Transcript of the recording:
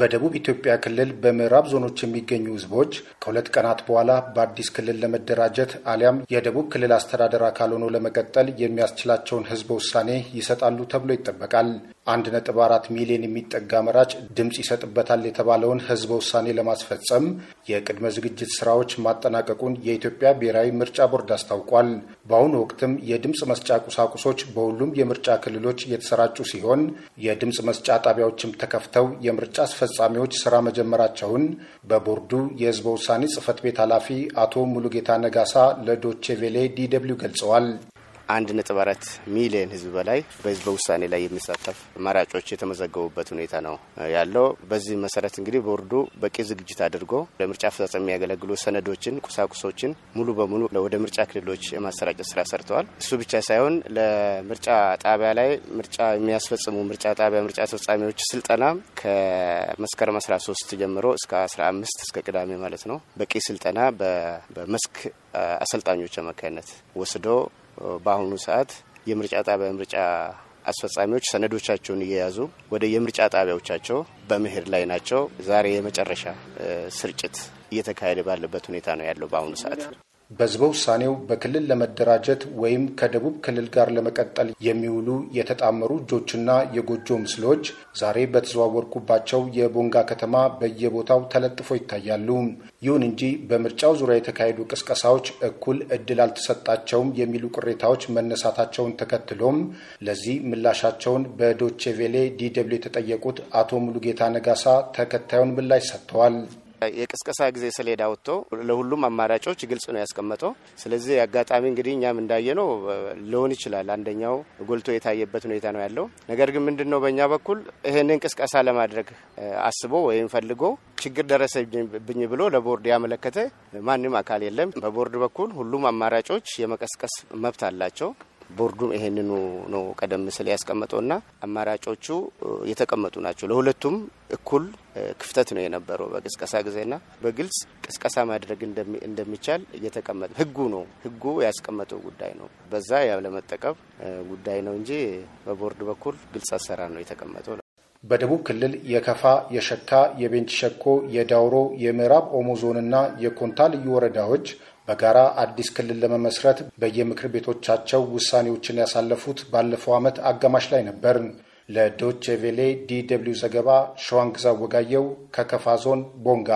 በደቡብ ኢትዮጵያ ክልል በምዕራብ ዞኖች የሚገኙ ህዝቦች ከሁለት ቀናት በኋላ በአዲስ ክልል ለመደራጀት አሊያም የደቡብ ክልል አስተዳደር አካል ሆኖ ለመቀጠል የሚያስችላቸውን ህዝበ ውሳኔ ይሰጣሉ ተብሎ ይጠበቃል። አንድ ነጥብ አራት ሚሊዮን የሚጠጋ መራጭ ድምፅ ይሰጥበታል የተባለውን ህዝበ ውሳኔ ለማስፈጸም የቅድመ ዝግጅት ስራዎች ማጠናቀቁን የኢትዮጵያ ብሔራዊ ምርጫ ቦርድ አስታውቋል። በአሁኑ ወቅትም የድምፅ መስጫ ቁሳቁሶች በሁሉም የምርጫ ክልሎች እየተሰራጩ ሲሆን የድምፅ መስጫ ጣቢያዎችም ተከፍተው የምርጫ አስፈጻሚዎች ስራ መጀመራቸውን በቦርዱ የህዝበ ውሳኔ ጽህፈት ቤት ኃላፊ አቶ ሙሉጌታ ነጋሳ ለዶቼ ቬሌ ዲ ገልጸዋል። አንድ ነጥብ አራት ሚሊየን ህዝብ በላይ በህዝበ ውሳኔ ላይ የሚሳተፍ መራጮች የተመዘገቡበት ሁኔታ ነው ያለው። በዚህ መሰረት እንግዲህ ቦርዱ በቂ ዝግጅት አድርጎ ለምርጫ አፈጻጸም የሚያገለግሉ ሰነዶችን፣ ቁሳቁሶችን ሙሉ በሙሉ ወደ ምርጫ ክልሎች የማሰራጨት ስራ ሰርተዋል። እሱ ብቻ ሳይሆን ለምርጫ ጣቢያ ላይ ምርጫ የሚያስፈጽሙ ምርጫ ጣቢያ ምርጫ አስፈጻሚዎች ስልጠና ከመስከረም 13 ጀምሮ እስከ 15 እስከ ቅዳሜ ማለት ነው በቂ ስልጠና በመስክ አሰልጣኞች አማካኝነት ወስዶ በአሁኑ ሰዓት የምርጫ ጣቢያ ምርጫ አስፈጻሚዎች ሰነዶቻቸውን እየያዙ ወደ የምርጫ ጣቢያዎቻቸው በመሄድ ላይ ናቸው። ዛሬ የመጨረሻ ስርጭት እየተካሄደ ባለበት ሁኔታ ነው ያለው በአሁኑ ሰዓት። በህዝበ ውሳኔው በክልል ለመደራጀት ወይም ከደቡብ ክልል ጋር ለመቀጠል የሚውሉ የተጣመሩ እጆችና የጎጆ ምስሎች ዛሬ በተዘዋወርኩባቸው የቦንጋ ከተማ በየቦታው ተለጥፎ ይታያሉ። ይሁን እንጂ በምርጫው ዙሪያ የተካሄዱ ቅስቀሳዎች እኩል እድል አልተሰጣቸውም የሚሉ ቅሬታዎች መነሳታቸውን ተከትሎም ለዚህ ምላሻቸውን በዶቼ ቬሌ የተጠየቁት አቶ ሙሉጌታ ነጋሳ ተከታዩን ምላሽ ሰጥተዋል። የቅስቀሳ ጊዜ ሰሌዳ ወጥቶ ለሁሉም አማራጮች ግልጽ ነው ያስቀመጠው። ስለዚህ አጋጣሚ እንግዲህ እኛም እንዳየ ነው ሊሆን ይችላል አንደኛው ጎልቶ የታየበት ሁኔታ ነው ያለው። ነገር ግን ምንድን ነው በእኛ በኩል ይህንን ቅስቀሳ ለማድረግ አስቦ ወይም ፈልጎ ችግር ደረሰብኝ ብሎ ለቦርድ ያመለከተ ማንም አካል የለም። በቦርድ በኩል ሁሉም አማራጮች የመቀስቀስ መብት አላቸው። ቦርዱ ይሄንኑ ነው ቀደም ስል ያስቀመጠውና አማራጮቹ የተቀመጡ ናቸው። ለሁለቱም እኩል ክፍተት ነው የነበረው በቅስቀሳ ጊዜና በግልጽ ቅስቀሳ ማድረግ እንደሚቻል እየተቀመጠ ህጉ ነው ህጉ ያስቀመጠው ጉዳይ ነው። በዛ ያለመጠቀም ጉዳይ ነው እንጂ በቦርድ በኩል ግልጽ አሰራር ነው የተቀመጠው። በደቡብ ክልል የከፋ፣ የሸካ፣ የቤንች ሸኮ፣ የዳውሮ፣ የምዕራብ ኦሞ ዞንና የኮንታ ልዩ ወረዳዎች በጋራ አዲስ ክልል ለመመስረት በየምክር ቤቶቻቸው ውሳኔዎችን ያሳለፉት ባለፈው ዓመት አጋማሽ ላይ ነበር። ለዶቼ ቬሌ ዲ ደብልዩ ዘገባ ሸዋንግዛ ወጋየው ከከፋ ዞን ቦንጋ